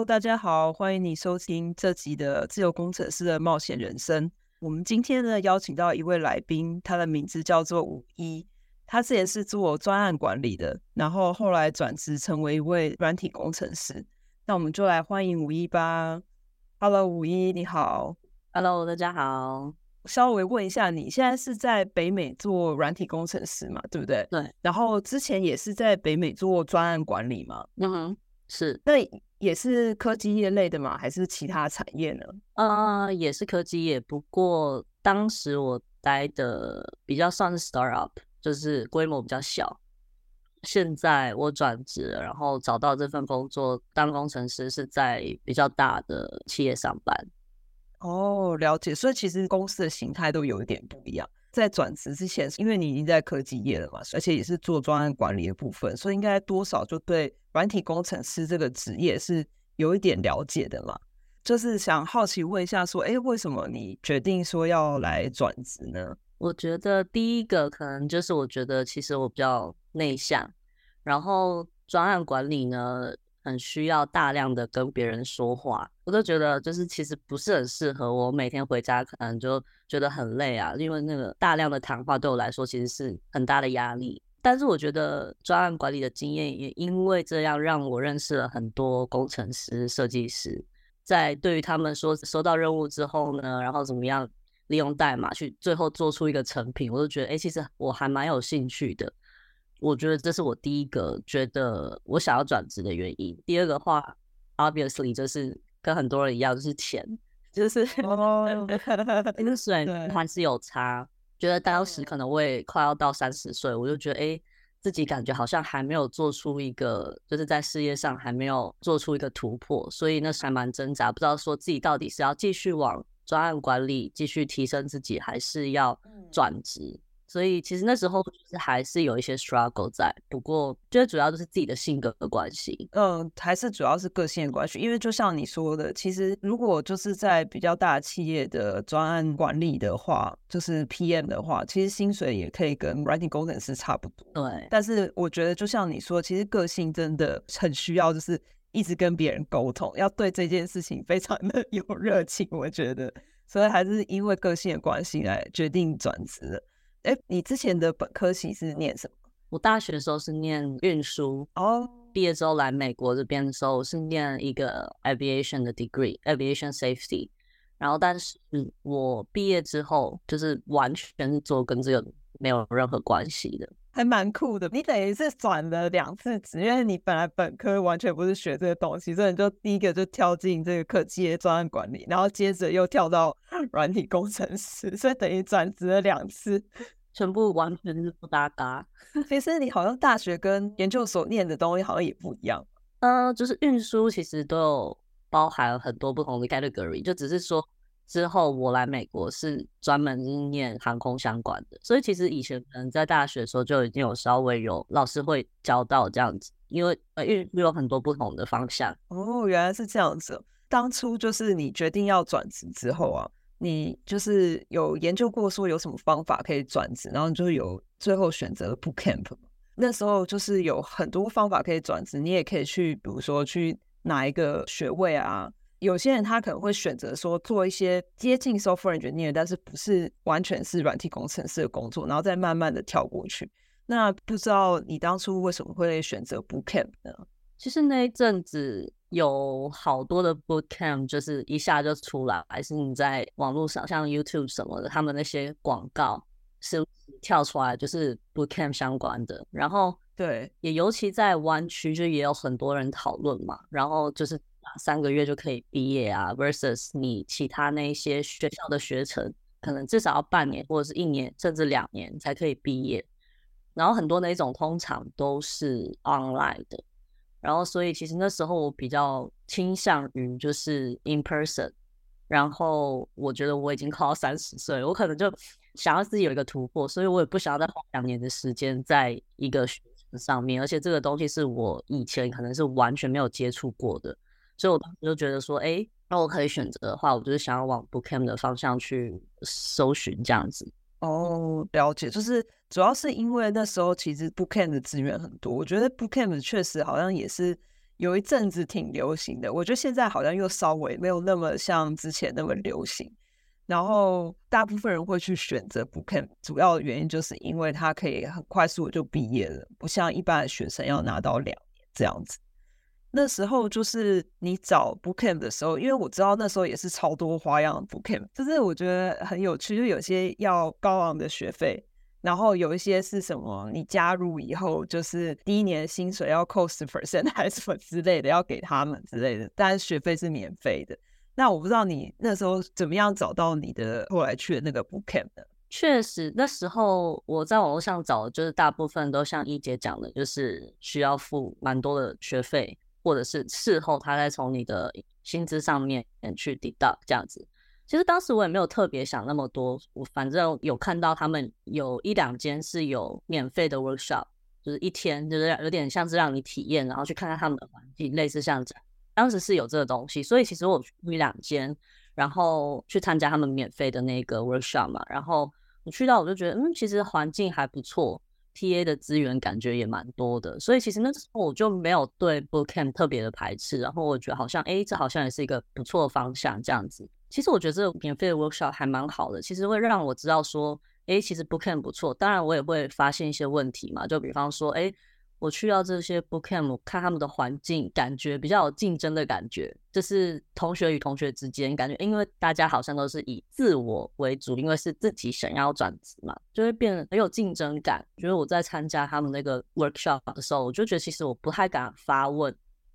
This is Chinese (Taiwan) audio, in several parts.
Hello，大家好，歡迎你收聽這集的《自由工程師的冒險人生》。我們今天呢邀請到一位來賓，他的名字叫做五一，他之前是做專案管理的，然後後來轉職成為一位軟體工程師。那我們就來歡迎五一吧。Hello，五一你好。Hello，大家好。稍微問一下，你現在是在北美做軟體工程師嘛？對不對？對。然後之前也是在北美做專案管理嘛？嗯哼，是。對。也是科技業類的嗎，還是其他產業呢？啊、呃，也是科技業。不過當時我待的比較算是 startup，就是規模比較小。現在我轉職，然後找到這份工作當工程師，是在比較大的企業上班。哦，了解。所以其實公司的形態都有一點不一樣。在轉職之前，因為你已經在科技業了嘛，而且也是做專案管理的部分，所以應該多少就對軟體工程師這個職業是有一點了解的嘛。就是想好奇問一下，說，哎、欸，為什麼你決定說要來轉職呢？我覺得第一個可能就是，我覺得其實我比較內向，然後專案管理呢，很需要大量的跟別人說話，我都覺得就是其實不是很適合我。每天回家可能就覺得很累啊，因為那個大量的談話對我來說其實是很大的壓力。但是我覺得專案管理的經驗也因為這樣讓我認識了很多工程師、設計師。在對於他們說收到任務之後呢，然後怎麼樣利用代碼去最後做出一個成品，我都覺得哎，其實我還蠻有興趣的。我覺得這是我第一個覺得我想要轉職的原因。第二個話，obviously 就是跟很多人一樣，就是錢，就是薪 水還是有差。覺得當時可能我也快要到三十歲，我就覺得誒，自己感覺好像還沒有做出一個，就是在事業上還沒有做出一個突破，所以那時還蠻掙扎，不知道說自己到底是要繼續往專案管理繼續提升自己，還是要轉職。嗯所以其實那時候是還是有一些 struggle 在，不過覺得主要就是自己的性格的關係。嗯，還是主要是個性的關係，因為就像你說的，其實如果就是在比較大企業的專案管理的話，就是 PM 的話，其實薪水也可以跟軟件工程師差不多。對。但是我覺得，就像你說的，其實個性真的很需要，就是一直跟別人溝通，要對這件事情非常的有熱情。我覺得，所以還是因為個性的關係來決定轉職的。哎，你之前的本科系是念什麼？我大學的時候是念運輸哦。畢業之後來美國這邊的時候，我是念一個 aviation 的 degree，aviation safety。然後，但是，嗯，我畢業之後就是完全做跟這個沒有任何關係的。還蠻酷的。你等於是轉了兩次職，因為你本來本科完全不是學這個東西，所以你就第一個就跳進這個科技的專案管理，然後接着又跳到軟體工程師，所以等於轉職了兩次，全部完全是不搭嘎。其實你好像大學跟研究所念的東西好像也不一樣。嗯、呃，就是運輸其實都有包含很多不同的 category，就只是說之後我來美國是專門念航空相關的，所以其實以前可能在大學的時候就已經有稍微有老師會教到這樣子，因為呃運輸有很多不同的方向。哦，原來是這樣子哦。當初就是你決定要轉職之後啊。你就是有研究過說有什麼方法可以轉職，然後你就有最後選擇了 Bootcamp。那時候就是有很多方法可以轉職，你也可以去，比如說去拿一個學位啊。有些人他可能會選擇說做一些接近 software engineer，但是不是完全是軟體工程師的工作，然後再慢慢的跳過去。那不知道你當初為什麼會選擇 Bootcamp 呢？其實那一陣子。有好多的 Bootcamp，就是一下就出來，還是你在網絡上，像 YouTube 什麼的，他們那些廣告是跳出來，就是 Bootcamp 相關的。然後對，也尤其在灣區，就也有很多人討論嘛。然後就是三個月就可以畢業啊，versus 你其他那些學校的學程，可能至少要半年或者是一年，甚至兩年才可以畢業。然後很多那一種通常都是 online 的。然後，所以其實那時候我比較傾向於就是 in person，然後我覺得我已經快要三十歲，我可能就想要自己有一個突破，所以我也不想要再花兩年的時間在一個學程上面，而且這個東西是我以前可能是完全沒有接觸過的，所以我當時就覺得說，哎，那我可以選擇的話，我就是想要往 bootcamp 的方向去搜尋這樣子。哦，了解，就是。主要是因為那時候其實 Bootcamp 的資源很多，我覺得 Bootcamp 確實好像也是有一陣子挺流行的，我覺得現在好像又稍微沒有那麼像之前那麼流行。然後大部分人會去選擇 Bootcamp，主要的原因就是因為他可以很快速的就畢業了，不像一般的學生要拿到兩年這樣子。那時候就是你找 Bootcamp 的時候，因為我知道那時候也是超多花樣 Bootcamp，就是我覺得很有趣，就有些要高昂的學費。然後有一些是什麼？你加入以後，就是第一年薪水要扣十 percent 還是什麼之類的，要給他們之類的。但是學費是免費的。那我不知道你那時候怎麼樣找到你的後來去的那個 Bootcamp 的。確實，那時候我在網絡上找，就是大部分都像一姐講的，就是需要付蠻多的學費，或者是事後他再從你的薪資上面去 deduct 這樣子。其實當時我也沒有特別想那麼多，我反正有看到他們有一兩間是有免費的 workshop，就是一天，就是有點像是讓你體驗，然後去看看他們的環境，類似像這樣。當時是有這個東西，所以其實我去一兩間，然後去參加他們免費的那個 workshop 嘛。然後我去到我就覺得，嗯，其實環境還不錯，TA 的資源感覺也蠻多的，所以其實那時候我就沒有對 Bootcamp 特別的排斥，然後我覺得好像，哎，這好像也是一個不錯的方向這樣子。其實我覺得這個免費的 workshop 還蠻好的，其實會讓我知道說，哎，其實 bootcamp 不錯。當然我也會發現一些問題嘛，就比方說，哎，我去到這些 bootcamp，看他們的環境，感覺比較有競爭的感覺，就是同學與同學之間感覺，因為大家好像都是以自我為主，因為是自己想要轉職嘛，就會變得很有競爭感。就是我在參加他們那個 workshop 的時候，我就覺得其實我不太敢發問。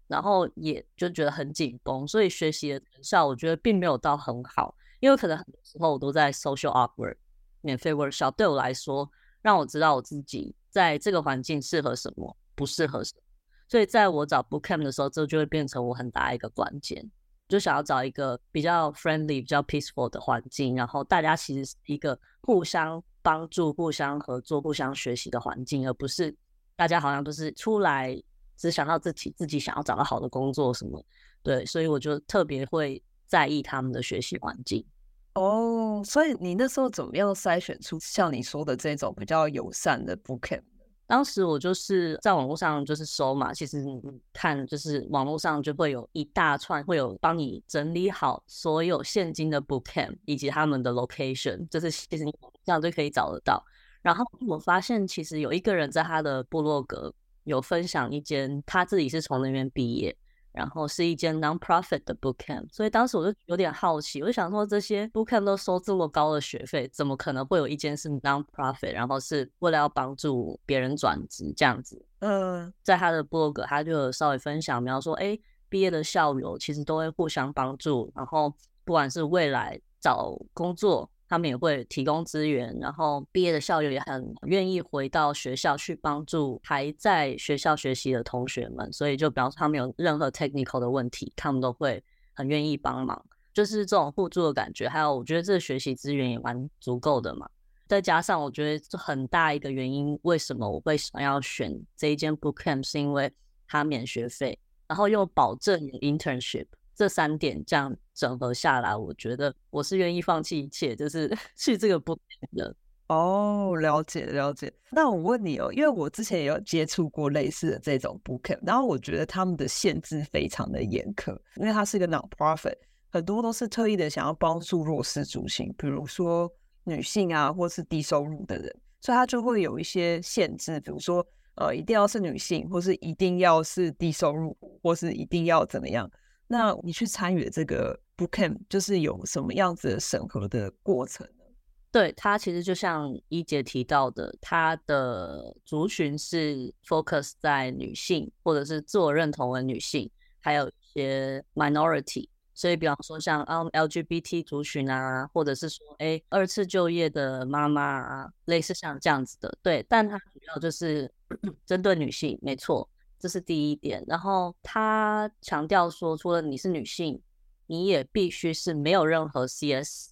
然後也就覺得很緊繃，所以學習的成效我覺得並沒有到很好，因為可能很多時候我都在 social awkward，免費 workshop，對我來說讓我知道我自己在這個環境適合什麼，不適合什麼。所以在我找 Bootcamp 的時候，這就會變成我很大一個關鍵，就想要找一個比較 friendly、比較 peaceful 的環境，然後大家其實是一個互相幫助、互相合作、互相學習的環境，而不是大家好像都是出來。只想到自己，自己想要找到好的工作什麼，對，所以我就特別會在意他們的學習環境。哦，oh，所以你那時候怎麼樣篩選出像你說的這種比較友善的 Bootcamp？當時我就是在網絡上就是搜嘛，其實你看就是網絡上就會有一大串會有幫你整理好所有現今的 Bootcamp 以及他們的 location，就是其實你這樣就可以找得到。然後我發現其實有一個人在他的部落格。有分享一間他自己是從那邊畢業，然後是一間 non-profit 的 Bootcamp，所以當時我就有點好奇，我就想說這些 Bootcamp 都收這麼高的學費，怎麼可能會有一間是 non-profit，然後是為了要幫助別人轉職這樣子？嗯，在他的 blog 他就有稍微分享，描述說，哎、欸，畢業的校友其實都會互相幫助，然後不管是未來找工作。他們也會提供資源，然後畢業的校友也很願意回到學校去幫助還在學校學習的同學們，所以就表示他們有任何 technical 的問題，他們都會很願意幫忙，就是這種互助的感覺。還有，我覺得這個學習資源也蠻足夠的嘛。再加上，我覺得很大一個原因，為什麼我會想要選這一間 Bootcamp，是因為它免學費，然後又保證有 internship。這三點這樣整合下來，我覺得我是願意放棄一切，就是去這個 Bootcamp 的哦。了解了解。那我問你哦，因為我之前也有接觸過類似的這種 Bootcamp，然後我覺得他們的限制非常的嚴苛，因為他是一個 non-profit，很多都是特意的想要幫助弱勢族群，比如說女性啊，或是低收入的人，所以他就會有一些限制，比如說呃，一定要是女性，或是一定要是低收入，或是一定要怎麼樣。那你去參與這個 Bootcamp，就是有什麼樣子的審核的過程呢？對，它其實就像一姐提到的，它的族群是 focus 在女性或者是自我認同的女性，還有一些 minority。所以比方說像 LGBT 族群啊，或者是說哎二次就業的媽媽，啊，類似像這樣子的，對。但它主要就是咳咳針對女性，沒錯。這是第一點，然後他強調說，除了你是女性，你也必須是沒有任何 CS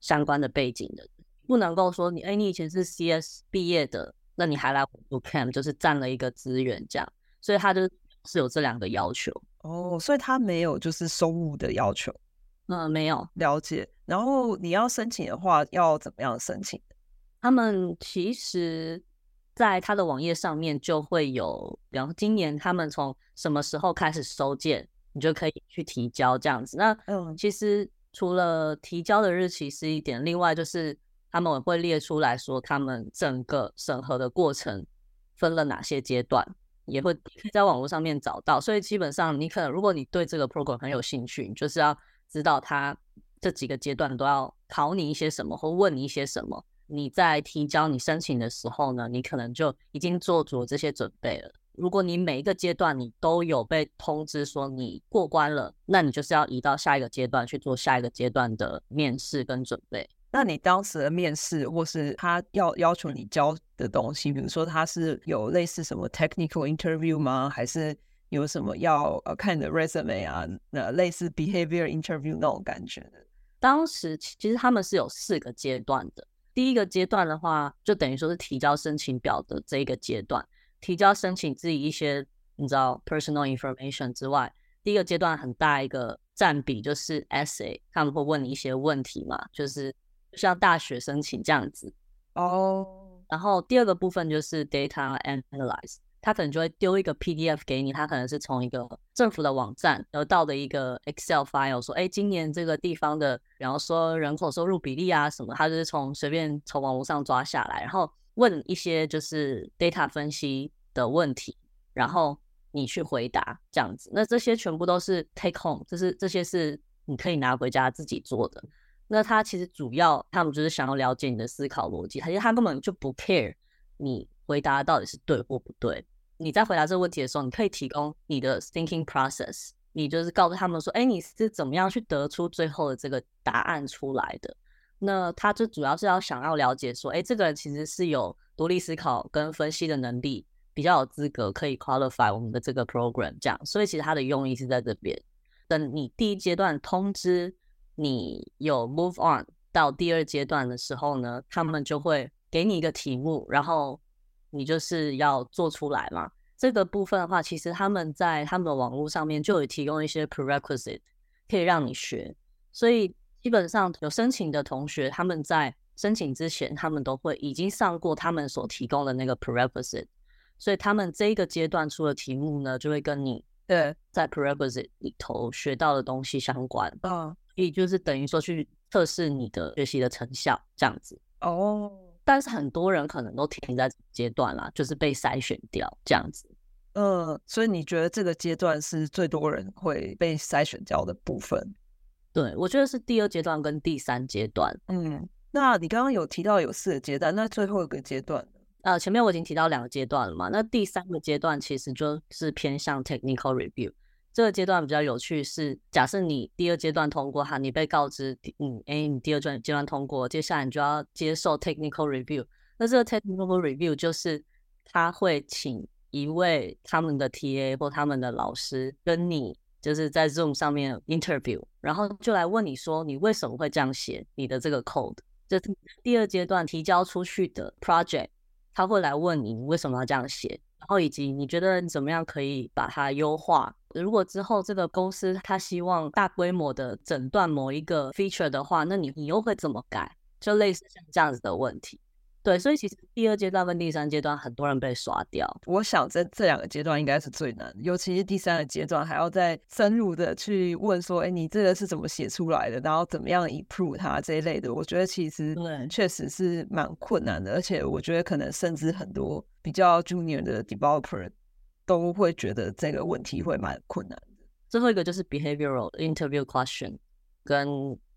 相關的背景的，不能夠說你，哎，你以前是 CS 畢業的，那你還來 Bootcamp 就是佔了一個資源這樣，所以他就是有這兩個要求哦，所以他沒有就是收入的要求，嗯，沒有。了解。然後你要申請的話要怎麼樣申請？他們其實。在他的網頁上面就會有，比方說今年他們從什麼時候開始收件，你就可以去提交這樣子。那嗯，其實除了提交的日期是一點，另外就是他們會列出來說他們整個審核的過程分了哪些階段，也會在網絡上面找到。所以基本上你可能如果你對這個 program 很有興趣，你就是要知道他這幾個階段都要考你一些什麼或問你一些什麼。你在提交你申請的時候呢，你可能就已經做足這些準備了。如果你每一個階段你都有被通知說你過關了，那你就是要移到下一個階段去做下一個階段的面試跟準備。那你當時的面試或是他要要求你交的東西，比如說他是有類似什麼 technical interview 嗎？還是有什麼要呃看你的 resume 啊？那類似 behavior interview 那種感覺的？當時其實他們是有四個階段的。第一個階段的話，就等於說是提交申請表的這一個階段，提交申請自己一些你知道 personal information 之外，第一個階段很大一個佔比就是 essay，他們會問你一些問題嘛，就是像大學申請這樣子哦。Oh. 然後第二個部分就是 data analysis。他可能就會丟一個 PDF 給你，他可能是從一個政府的網站得到的一個 Excel file，說，哎，今年這個地方的，然後說人口收入比例啊什麼，他就是從隨便從網絡上抓下來，然後問一些就是 data 分析的問題，然後你去回答這樣子，那這些全部都是 take home，就是這些是你可以拿回家自己做的。那他其實主要他們就是想要了解你的思考邏輯，其實他根本就不 care 你，回答到底是對或不對？你在回答這個問題的時候，你可以提供你的 thinking process，你就是告訴他們說，哎，你是怎麼樣去得出最後的這個答案出來的？那他就主要是要想要了解說，哎，這個人其實是有獨立思考跟分析的能力，比較有資格可以 qualify 我們的這個 program，這樣。所以其實他的用意是在這邊。等你第一階段通知你有 move on 到第二階段的時候呢，他們就會給你一個題目，然後。你就是要做出來嘛。這個部分的話，其實他們在他們的網絡上面就有提供一些 prerequisite，可以讓你學。所以基本上有申請的同學，他們在申請之前，他們都會已經上過他們所提供的那個 prerequisite。所以他們這個階段出的題目呢，就會跟你在 prerequisite 裡頭學到的東西相關。嗯，也就是等於說去測試你的學習的成效這樣子。哦。Oh. 但是很多人可能都停在這階段啦，啊，就是被篩選掉這樣子。嗯、呃，所以你覺得這個階段是最多人會被篩選掉的部分？對，我覺得是第二階段跟第三階段。嗯，那你剛剛有提到有四個階段，那最後一個階段，呃，前面我已經提到兩個階段了嘛，那第三個階段其實就是偏向 technical review。這個階段比較有趣，是假設你第二階段通過哈，你被告知，嗯，哎，你第二段階段通過，接下來你就要接受 technical review。那這個 technical review 就是他會請一位他們的 TA 或他們的老師跟你，就是在 Zoom 上面 interview，然後就來問你說，你為什麼會這樣寫你的這個 code？就第二階段提交出去的 project，他會來問你為什麼要這樣寫。然後以及你覺得你怎麼樣可以把它優化？如果之後這個公司他希望大規模的診斷某一個 feature 的話，那你你又會怎麼改？就類似像這樣子的問題。對，所以其實第二階段跟第三階段很多人被刷掉。我想在這兩個階段應該是最難的，尤其是第三個階段還要再深入的去問說：“哎，你這個是怎麼寫出來的？然後怎麼樣 improve 它這一類的？”我覺得其實嗯確實是蠻困難的。而且我覺得可能甚至很多。比較 junior 的 developer 都會覺得這個問題會蠻困難的。最後一個就是 behavioral interview question，跟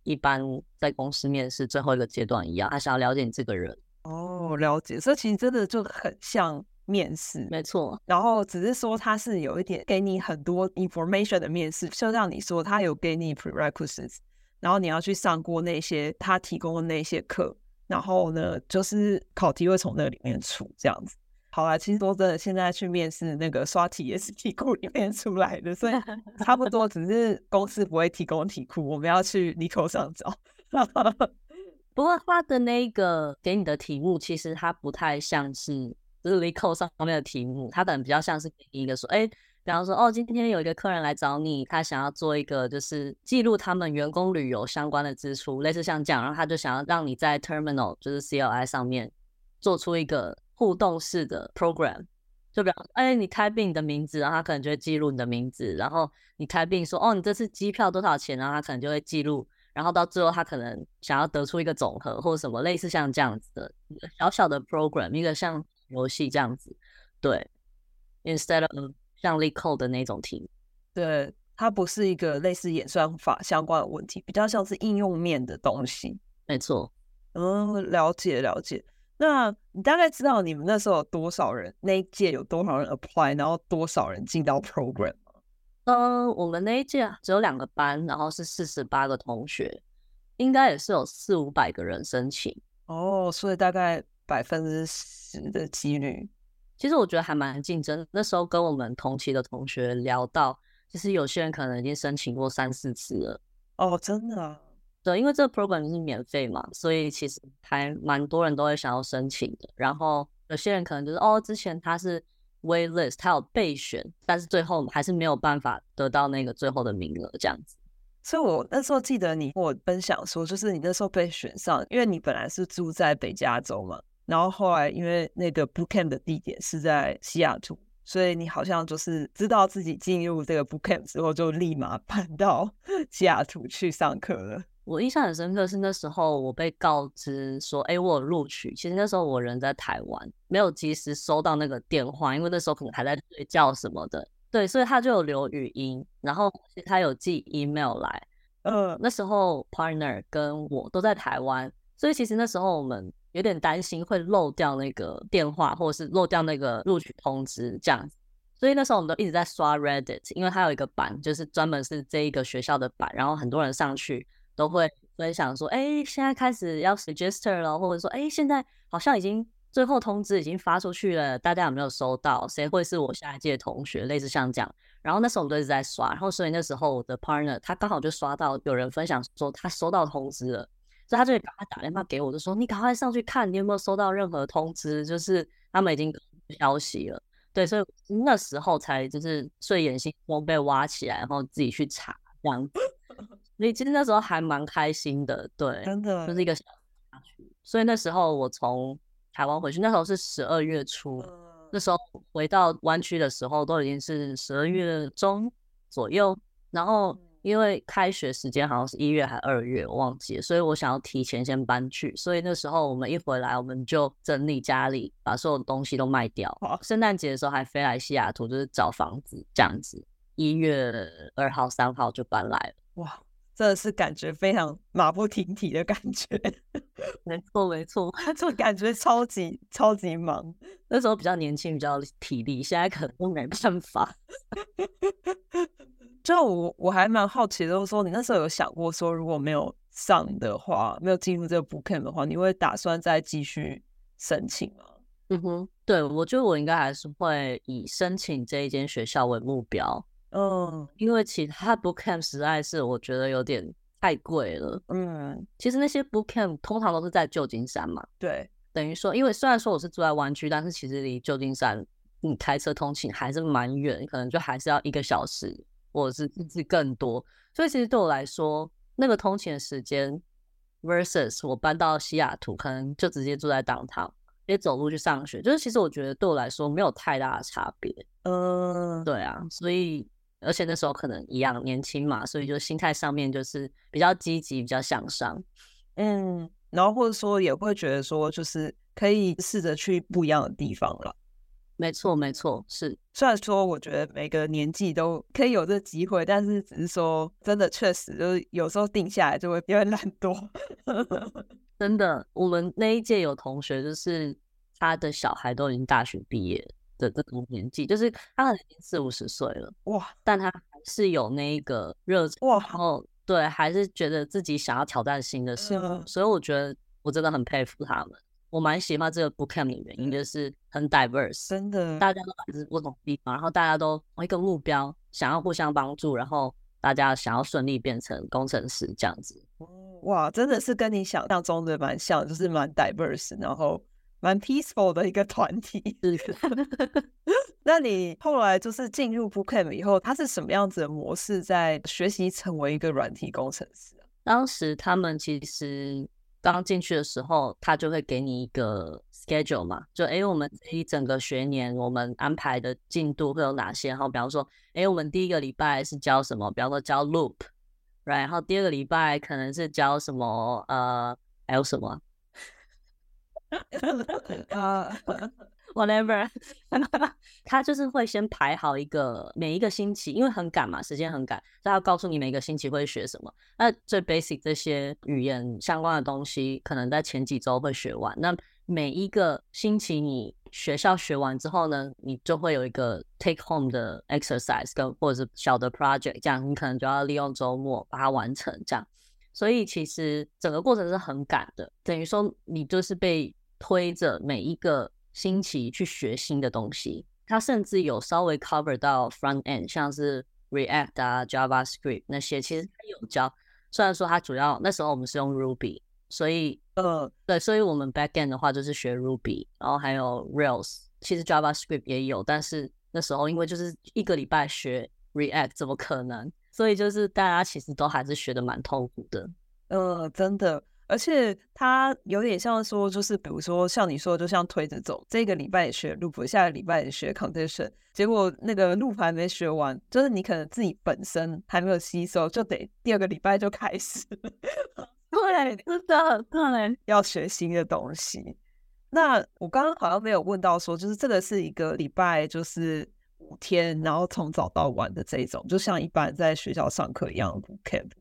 一般在公司面試最後一個階段一樣，他想要了解你這個人。哦，了解，所以其實真的就很像面試，沒錯。然後只是說他是有一點給你很多 information 的面試，就像你說他有給你 prerequisites，然後你要去上過那些他提供的那些課，然後呢，就是考題會從那裡面出，這樣子。好了、啊，其實說真的，現在去面試那個刷題也是題庫裡面出來的，所以差不多只是公司不會提供題庫， 我們要去 LeetCode 上找。 不過他的那個給你的題目，其實它不太像是就是 LeetCode 上面的題目，它可能比較像是給一個說，哎、欸，比方說哦，今天有一個客人來找你，他想要做一個就是記錄他們員工旅遊相關的支出，類似像這樣，然後他就想要讓你在 Terminal 就是 C L I 上面做出一個。互動式的 program，就比方，哎，你 type in 你的名字，然後他可能就會記錄你的名字，然後你 type in 說，哦，你這次機票多少錢，然後他可能就會記錄，然後到最後他可能想要得出一個總和或者什麼類似像這樣子的小小的 program，一個像遊戲這樣子，對，instead of 像力扣的那種題，對，它不是一個類似演算法相關的問題，比較像是應用面的東西，沒錯，嗯，了解了解。那、啊、你大概知道你們那時候有多少人，那一屆有多少人 apply，然後多少人進到 program 嗎？嗯、呃，我們那一屆只有兩個班，然後是四十八個同學，應該也是有四五百個人申請。哦，所以大概百分之十的幾率。其實我覺得還蠻競爭的。那時候跟我們同期的同學聊到，就是有些人可能已經申請過三四次了。哦，真的。對，因為這個 program 是免費嘛，所以其實還蠻多人都會想要申請的。然後有些人可能就是哦，之前他是 wait list，他有備選，但是最後還是沒有辦法得到那個最後的名額這樣子。所以我那時候記得你跟我分享說，就是你那時候被選上，因為你本來是住在北加州嘛，然後後來因為那個 Bootcamp 的地點是在西雅圖，所以你好像就是知道自己進入這個 Bootcamp 之後，就立馬搬到西雅圖去上課了。我印象很深刻的是那時候我被告知說，哎、欸，我有錄取。其實那時候我人在台灣，沒有及時收到那個電話，因為那時候可能還在睡覺什麼的。對，所以他就有留語音，然後他有寄 email 來。嗯、uh，那時候 partner 跟我都在台灣，所以其實那時候我們有點擔心會漏掉那個電話，或者是漏掉那個錄取通知這樣，所以那時候我們都一直在刷 Reddit，因為它有一個版，就是專門是這一個學校的版，然後很多人上去。都會分享說，哎，現在開始要 suggester 了，或者說，哎，現在好像已經最後通知已經發出去了，大家有沒有收到？誰會是我下一屆的同學？類似像這樣。然後那時候我們都一直在刷，然後所以那時候我的 partner 他剛好就刷到有人分享說他收到通知了，所以他就會把他打電話給我，就說 你趕快上去看，你有沒有收到任何通知？就是他們已經有消息了。對，所以那時候才就是睡眼惺忪被挖起來，然後自己去查這樣所以其實那時候還蠻開心的，對，真的就是一個小家。所以那時候我從台灣回去，那時候是十二月初，那時候回到灣區的時候都已經是十二月中左右。然後因為開學時間好像是一月還二月，我忘記了，所以我想要提前先搬去。所以那時候我們一回來，我們就整理家裡，把所有東西都賣掉。聖誕節的時候還飛來西雅圖，就是找房子這樣子。一月二號、三號就搬來了，哇。真的是感覺非常馬不停蹄的感覺。 沒錯，沒錯沒錯，就 感覺超級超級忙。 那時候比較年輕，比較體力，現在可能都沒辦法。 就我我還蠻好奇，就是說你那時候有想過說，說如果沒有上的話，沒有進入這個 Bootcamp 的話，你會打算再繼續申請嗎？嗯哼，對我覺得我應該還是會以申請這一間學校為目標。嗯、oh.，因為其他 Bootcamp 實在是我覺得有點太貴了。嗯、mm.，其實那些 Bootcamp 通常都是在舊金山嘛。對，等於說，因為雖然說我是住在灣區，但是其實離舊金山，你開車通勤還是蠻遠，可能就還是要一個小時，或者是甚至更多。 所以其實對我來說，那個通勤的時間 versus 我搬到西雅圖，可能就直接住在 downtown，也走路去上學，就是其實我覺得對我來說沒有太大的差別。嗯、uh.，對啊，所以。而且那時候可能一樣年輕嘛，所以就心態上面就是比較積極、比較向上，嗯，然後或者說也會覺得說，就是可以試着去不一樣的地方了。沒錯，沒錯，是雖然說我覺得每個年紀都可以有這機會，但是只是說真的確實就是有時候定下來就會變得懶惰。 真的，我們那一屆有同學就是他的小孩都已經大學畢業了的這個年紀，就是他可能四五十歲了，哇，但他還是有那個熱情哇，然後對，還是覺得自己想要挑戰新的事物，嗯，所以我覺得我真的很佩服他們。我蠻喜歡這個 Bootcamp 的原因，嗯，就是很 diverse，真的，大家都來自不同地方，然後大家都同一個目標，想要互相幫助，然後大家想要順利變成工程師這樣子。哇，真的是跟你想象中的蠻像，就是蠻 diverse，然後。蠻 peaceful 的一個團體。 那你後來就是進入 Bootcamp 以後，他是什麼樣子的模式在學習成為一個軟體工程師？當時他們其實剛進去的時候，他就會給你一個 schedule 嘛，就哎，我們一整個學年我們安排的進度會有哪些？然後比方說，哎，我們第一個禮拜是教什麼？比方說教 Loop，right? 然後第二個禮拜可能是教什麼？呃，還有什麼？啊 ，whatever， 他就是會先排好一個每一個星期，因為很趕嘛，時間很趕，他要告訴你每個星期會學什麼。那最 basic 這些語言相關的東西，可能在前幾周會學完。那每一個星期你學校學完之後呢，你就會有一個 take home 的 exercise 跟或者是小的 project，這樣你可能就要利用周末把它完成。這樣，所以其實整個過程是很趕的，等於說你就是被。推着每一個星期去學新的東西，他甚至有稍微 cover 到 front end，像是 React 啊、JavaScript 那些，其實他有教。雖然說他主要那時候我們是用 Ruby，所以呃，對，所以我們 back end 的話就是學 Ruby，然後還有 Rails。其實 JavaScript 也有，但是那時候因為就是一個禮拜學 React，怎麼可能？所以就是大家其實都還是學的蠻痛苦的。呃，真的。而且它有點像說，就是比如說像你說，就像推着走，這個禮拜也學 loop，下個禮拜也學 condition，結果那個 loop 還沒學完，就是你可能自己本身還沒有吸收，就得第二個禮拜就開始。知 道， 突然要學新的東西。那我剛剛好像沒有問到說，就是這個是一個禮拜，就是五天，然後從早到晚的這種，就像一般在學校上課一樣的。的 Bootcamp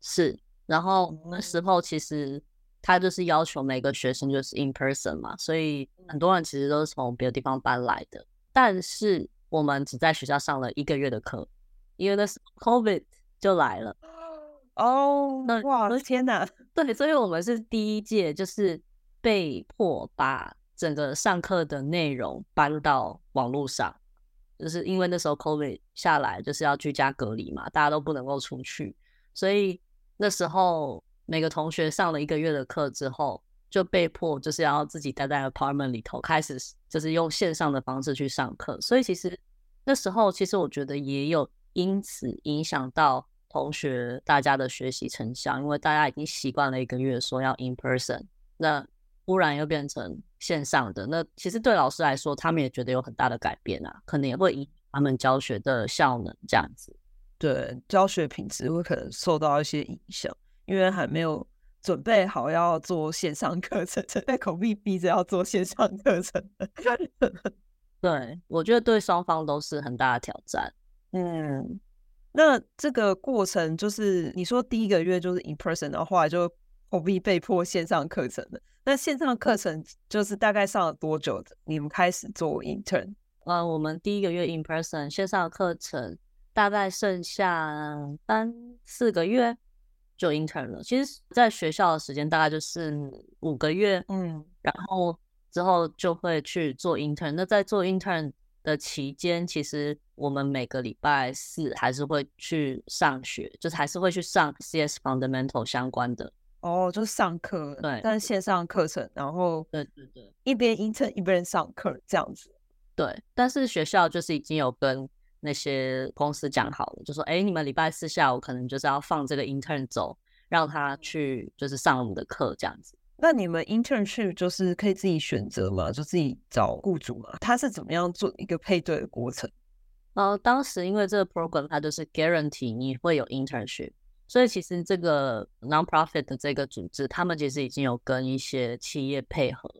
是。然後那時候其實他就是要求每個學生就是 in person 嘛，所以很多人其實都是從別的地方搬來的。但是我們只在學校上了一個月的課，因為那時候 COVID 就來了。哦，那哇，我的天哪！對，所以我們是第一屆，就是被迫把整個上課的內容搬到網絡上，就是因為那時候 COVID 下來就是要居家隔離嘛，大家都不能夠出去，所以。那時候每個同學上了一個月的課之後就被迫就是要自己待在 apartment 裡頭，開始就是用線上的方式去上課。所以其實那時候其實我覺得也有因此影響到同學大家的學習成效，因為大家已經習慣了一個月說要 in person，那忽然又變成線上的，那其實對老師來說他們也覺得有很大的改變啊，可能也會影響他們教學的效能這樣子。對教學品質會可能受到一些影響，因為還沒有準備好要做線上課程，所口逼着要做線上課程。 對，我覺得對雙方都是很大的挑戰。嗯，那這個過程就是你說第一個月就是 in person 的話，就口必被迫線上課程了。那線上課程就是大概上了多久的，你們開始做 intern？嗯，我們第一個月 in person 線上課程。大概剩下三四個月就 intern 了。其實，在學校的時間大概就是五個月，嗯，然後之後就會去做 intern。那在做 intern 的期間，其實我們每個禮拜四還是會去上學，就是還是會去上 CS fundamental 相關的。哦，就是上課。對，但是線上課程。然後，對對對，一邊 intern 一邊上課這樣子，對對對對。對，但是學校就是已經有跟。那些公司講好了，就說，哎，你們禮拜四下午可能就是要放這個 intern 走，讓他去就是上我們的課這樣子。那你們 internship 就是可以自己選擇嘛，就自己找雇主嘛？他是怎麼樣做一個配對的過程？呃，當時因為這個 program 它就是 guarantee 你會有 internship，所以其實這個 nonprofit 的這個組織，他們其實已經有跟一些企業配合。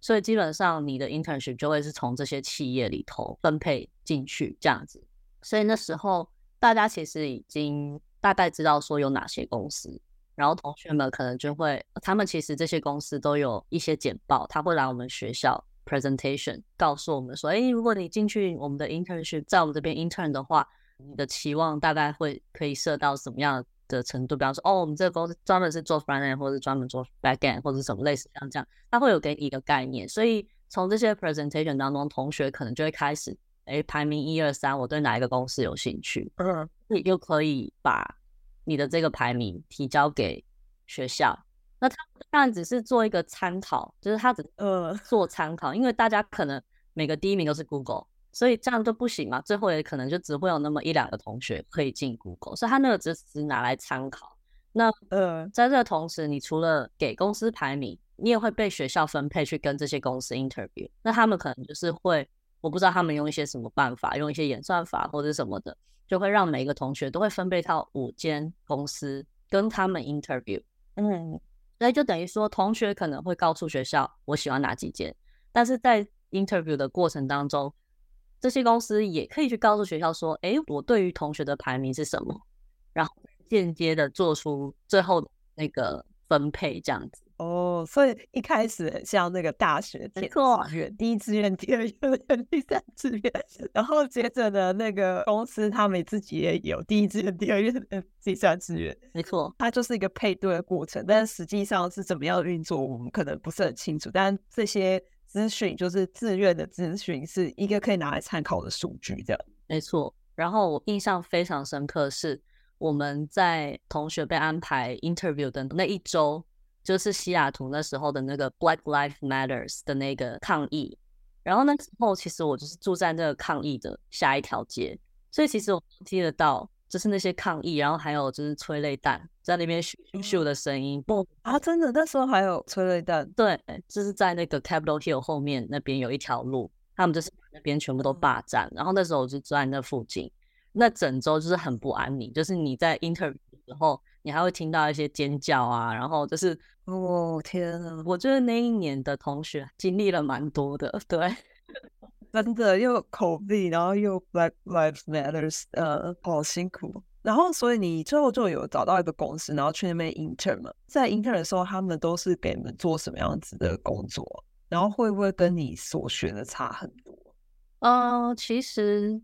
所以基本上你的 internship 就會是從這些企業裡頭分配進去這樣子，所以那時候大家其實已經大概知道說有哪些公司，然後同學們可能就會，他們其實這些公司都有一些簡報，他會來我們學校 presentation 告訴我們說，哎，如果你進去我們的 internship，在我們這邊 intern 的話，你的期望大概會可以設到什麼樣的程度，比方說，哦，我們這個公司專門是做 front end，或者是專門做 back end，或者什麼類似的這樣，這樣它會有給你一個概念。所以從這些 presentation 當中，同學可能就會開始，哎，排名一二三，我對哪一個公司有興趣，嗯，你就可以把你的這個排名提交給學校。那他當然只是做一個參考，就是他只呃做參考，因為大家可能每個第一名都是 Google。所以這樣都不行嘛？最後也可能就只會有那麼一兩個同學可以進 Google，所以他那個只是拿來參考。那呃，在這個同時，你除了給公司排名，你也會被學校分配去跟這些公司 interview。那他們可能就是會，我不知道他們用一些什麼辦法，用一些演算法或者什麼的，就會讓每一個同學都會分配到五間公司跟他們 interview。嗯，所以就等於說，同學可能會告訴學校我喜歡哪幾間，但是在 interview 的過程當中，這些公司也可以去告訴學校說：“哎，我對於同學的排名是什麼？”然後間接的做出最後那個分配這樣子。哦，所以一開始像那個大學填錯第一志願、第二志願、第三志願，然後接着呢，那個公司，它們自己也有第一志願、第二志願、第三志願。沒錯，它就是一個配對的過程，但實際上是怎麼樣運作，我們可能不是很清楚。但這些資訊就是自願的資訊，是一個可以拿來參考的數據的。沒錯，然後我印象非常深刻是，我們在同學被安排 interview 的那一周，就是西雅圖那時候的那個 Black Lives Matter 的那個抗議，然後那個時候其實我就是住在那個抗議的下一條街，所以其實我聽得到。就是那些抗議，然後還有就是催淚彈在那邊咻咻的聲音，不、嗯，啊！真的，那時候還有催淚彈。對，就是在那個 Capitol Hill 後面那邊有一條路，他們就是把那邊全部都霸佔。然後那時候我就住在那附近，那整周就是很不安寧。就是你在 Interview 的時候，你還會聽到一些尖叫啊，然後就是哦天啊！我覺得那一年的同學經歷了蠻多的，對。真的又 COVID，然後又 Black Lives Matters，呃、好辛苦。然後，所以你最後就有找到一個公司，然後去那邊 intern 嘛。在 intern 的時候，他們都是給你們做什麼樣子的工作？然後會不會跟你所學的差很多？嗯、哦，其實。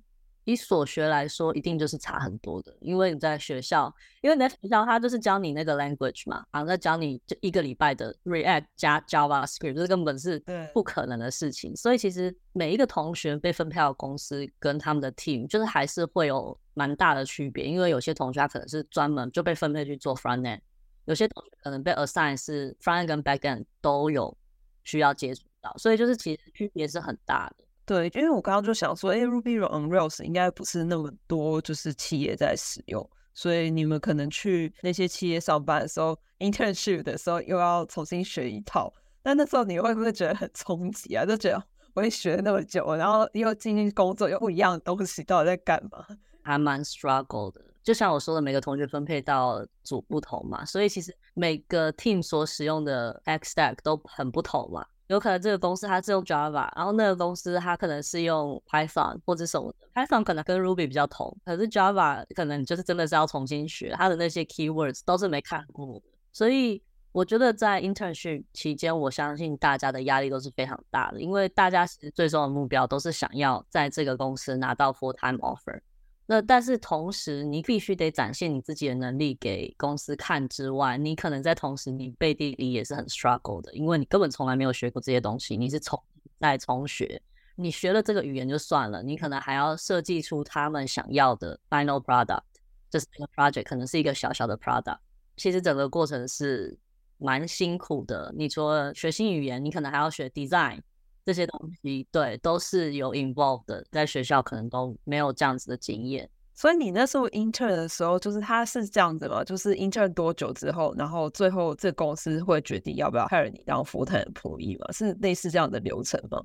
以所學來說，一定就是差很多的，因為你在學校，因為在學校，他就是教你那個 language 嘛，然後教你這一個禮拜的 React 加 JavaScript，這根本是不可能的事情。所以其實每一個同學被分配到的公司跟他們的 team，就是還是會有蠻大的區別，因為有些同學他可能是專門就被分配去做 front end，有些同學可能被 assign 是 front end 跟 back end 都有需要接觸到，所以就是其實區別是很大的。對，因為我剛剛就想說，誒，Ruby on Rails 應該不是那麼多，就是企業在使用，所以你們可能去那些企業上班的時候，internship 的時候又要重新學一套，但那時候你會不會覺得很衝擊啊？就覺得我也學那麼久然後又進行工作，又不一樣的東西，到底在幹嘛？還蠻 struggle 的，就像我說的，每個同學分配到組不同嘛，所以其實每個 team 所使用的 tech stack 都很不同嘛。有可能這個公司它是用 Java，然後那個公司它可能是用 Python 或者什麼的。Python 可能跟 Ruby 比較同，可是 Java 可能就是真的是要重新學，它的那些 keywords 都是沒看過的。所以我覺得在 internship 期間，我相信大家的壓力都是非常大的，因為大家其實最終的目標都是想要在這個公司拿到 full-time offer。那但是同時，你必須得展現你自己的能力給公司看之外，你可能在同時你背地裡也是很 struggle 的，因為你根本從來沒有學過這些東西，你是從在從學，你學了這個語言就算了，你可能還要設計出他們想要的 final product，就是一個 project 可能是一個小小的 product，其實整個過程是蠻辛苦的。你除了學新語言，你可能還要學 design。這些東西對，都是有 involved 的，在學校可能都沒有這樣子的經驗，所以你那時候 intern 的時候，就是他是這樣子嘛？就是 intern 多久之後，然後最後這公司會決定要不要 hire 你當 full time 的 employee 嗎？是類似這樣的流程嗎？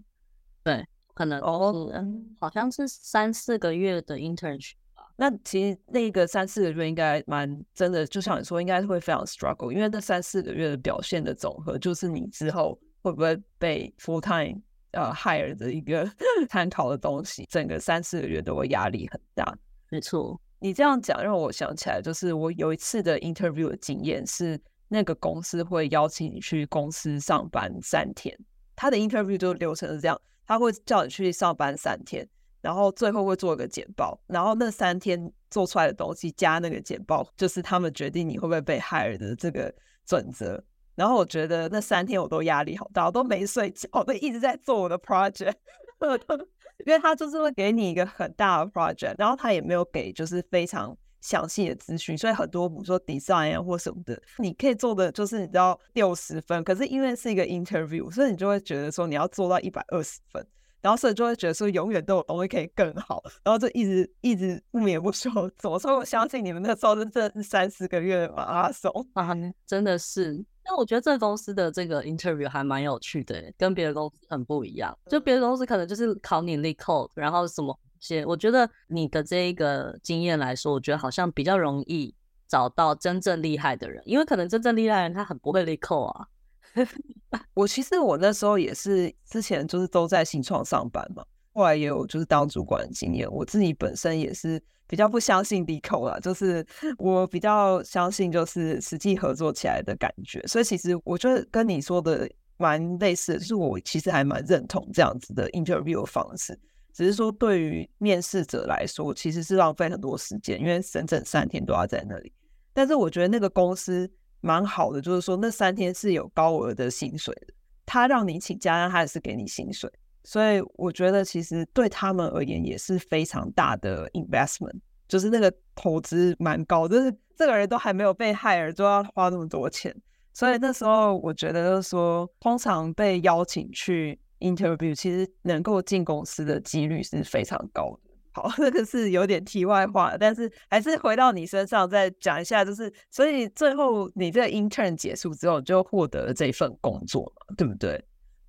對，可能，oh. 嗯，好像是三四個月的 internship 吧。那其實那個三四個月應該蠻真的，就像你說，應該會非常 struggle，因為那三四個月的表現的總和，就是你之後會不會被 full time。呃，hire 的一個探討的東西，整個三四個月都會壓力很大。沒錯，你這樣講讓我想起來，就是我有一次的 interview 的經驗，是那個公司會邀請你去公司上班三天。他的 interview 的流程是這樣，他會叫你去上班三天，然後最後會做一個簡報，然後那三天做出來的東西加那個簡報，就是他們決定你會不會被 hire 的這個準則。然後我覺得那三天我都壓力好大，我都沒睡覺，我都一直在做我的 project。 因為他就是會給你一個很大的 project，然後他也沒有給就是非常詳細的資訊，所以很多比如說 design 啊或什麼的，你可以做的就是你知道六十分，可是因為是一個 interview，所以你就會覺得說你要做到一百二十分，然後所以就會覺得說永遠都有東西可以更好，然後就一直一直不眠不休。怎麼說，我相信你們那時候是真的是三四個月馬拉松啊，真的是。那我覺得這個公司的這個 interview 還蠻有趣的，跟別的公司很不一樣。就別的公司可能就是考你 LeetCode，然後什麼些。我覺得你的這一個經驗來說，我覺得好像比較容易找到真正厲害的人，因為可能真正厲害的人他很不會 LeetCode 啊。 我其實我那時候也是，之前就是都在新創上班嘛。後來也有就是當主管的經驗，我自己本身也是比較不相信 Dico 啦。就是我比較相信就是實際合作起來的感覺，所以其實我覺得跟你說的蠻類似的，就是我其實還蠻認同這樣子的 interview 方式，只是說對於面試者來說其實是浪費很多時間，因為整整三天都要在那裡。但是我覺得那個公司蠻好的，就是說那三天是有高額的薪水的，他讓你請假，他也是給你薪水。所以我覺得，其實對他們而言也是非常大的 investment，就是那個投資蠻高，就是這個人都還沒有被 hire，而就要花那麼多錢。所以那時候我覺得就是說，就說通常被邀請去 interview，其實能夠進公司的幾率是非常高的。好，這、那個是有點題外話，但是還是回到你身上再講一下，就是所以最後你這個 intern 結束之後就獲得了這份工作，對不對？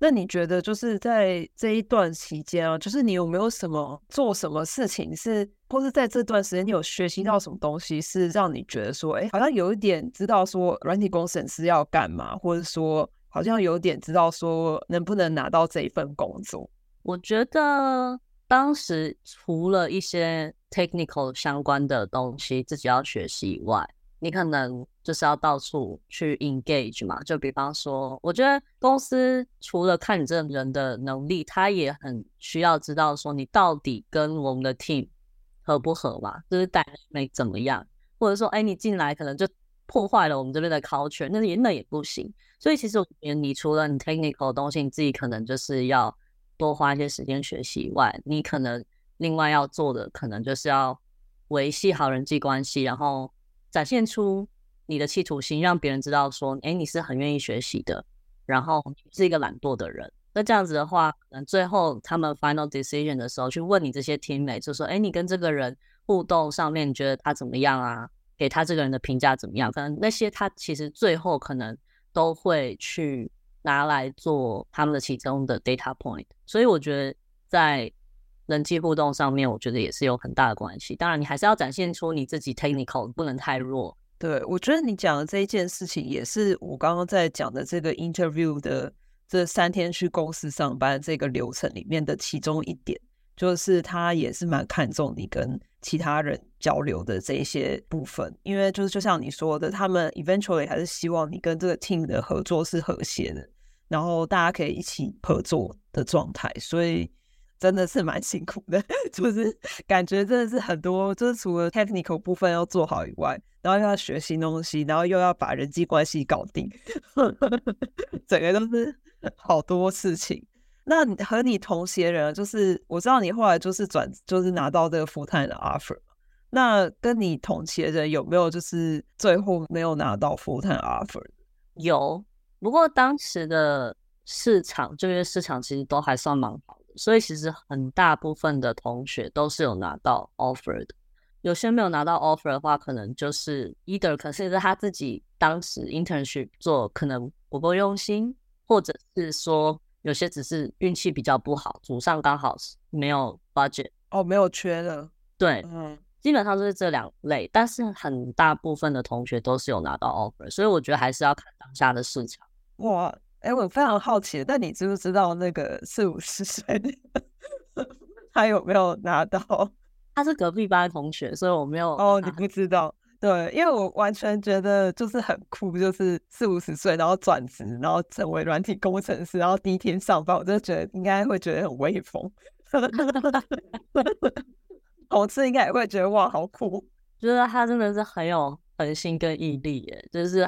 那你覺得就是在這一段期間啊，就是你有沒有什麼做什麼事情是，或是在這段時間你有學習到什麼東西，是讓你覺得說，哎，好像有一點知道說，軟體工程師要幹嘛，或者說好像有點知道說，能不能拿到這一份工作？我覺得當時除了一些 technical 相關的東西自己要學習以外，你可能。就是要到處去 engage 嘛，就比方說，我覺得公司除了看你這人的能力，他也很需要知道說你到底跟我們的 team 合不合嘛，就是帶沒怎麼樣，或者說，哎、欸，你進來可能就破壞了我們這邊的 culture，那也那也不行。所以其實我覺得，你除了你 technical 的東西，你自己可能就是要多花一些時間學習以外，你可能另外要做的，可能就是要維繫好人際關係，然後展現出，你的企圖心，讓別人知道說，哎，你是很願意學習的，然後你是一個懶惰的人。那這樣子的話，嗯，最後他們 final decision 的時候去問你這些 teammate，就說，哎，你跟這個人互動上面你覺得他怎麼樣啊？給他這個人的評價怎麼樣？可能那些他其實最後可能都會去拿來做他們的其中的 data point。所以我覺得在人際互動上面，我覺得也是有很大的關係。當然，你還是要展現出你自己 technical，不能太弱。對，我覺得你講的這一件事情，也是我剛剛在講的這個 interview 的這三天去公司上班這個流程裡面的其中一點，就是他也是蠻看重你跟其他人交流的這一些部分，因為就是就像你說的，他們 eventually 還是希望你跟這個 team 的合作是和諧的，然後大家可以一起合作的狀態，所以。真的是蠻辛苦的，就是感覺真的是很多，就是除了 technical 部分要做好以外，然後又要學新東西，然後又要把人際關係搞定， 整個都是好多事情。那和你同期的人，就是我知道你後來就是轉，就是拿到這個 full-time 的 offer，那跟你同期的人有沒有就是最後沒有拿到 full-time offer？有，不過當時的市場就業市場其實都還算蠻好。所以其實很大部分的同學都是有拿到 offer 的，有些沒有拿到 offer 的話，可能就是 either 可是是他自己當時 internship 做可能不夠用心，或者是說有些只是運氣比較不好，組上剛好是沒有 budget，哦，沒有缺了。對，嗯，基本上就是這兩類，但是很大部分的同學都是有拿到 offer，所以我覺得還是要看當下的市場。哇！哎，我非常好奇，但你知不知道那個四五十歲， 他有沒有拿到？他是隔壁班的同學，所以我沒有。哦，你不知道？對，因為我完全覺得就是很酷，就是四五十歲，然後轉職，然後成為軟體工程師，然後第一天上班，我就覺得應該會覺得很威風。 同事應該也會覺得哇，好酷！覺得他真的是很有恆心跟毅力耶，就是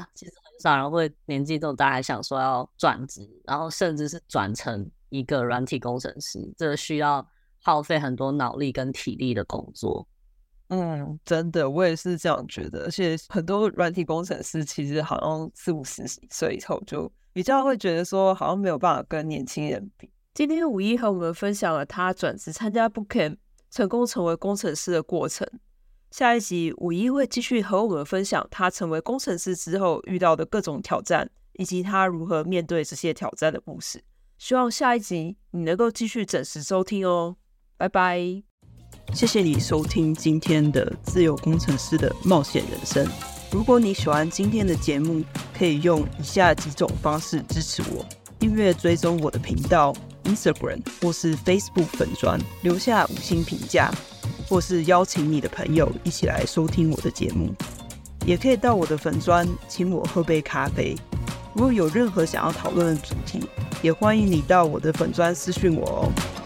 少人會年紀這麼大還想說要轉職，然後甚至是轉成一個軟體工程師，這個、需要耗費很多腦力跟體力的工作。嗯，真的，我也是這樣覺得，而且很多軟體工程師其實好像四五十歲以後就比較會覺得說好像沒有辦法跟年輕人比。今天五一和我們分享了他轉職參加 Bootcamp，成功成為工程師的過程。下一集，五一會繼續和我們分享他成為工程師之後遇到的各種挑戰，以及他如何面對這些挑戰的故事。希望下一集你能夠繼續準時收聽哦，拜拜！謝謝你收聽今天的《自由工程師的冒險人生》。如果你喜歡今天的節目，可以用以下幾種方式支持我：訂閱、追蹤我的頻道、Instagram 或是 Facebook 粉專，留下五星評價。或是邀請你的朋友一起來收聽我的節目，也可以到我的粉專請我喝杯咖啡。如果有任何想要討論的主題，也歡迎你到我的粉專私訊我哦。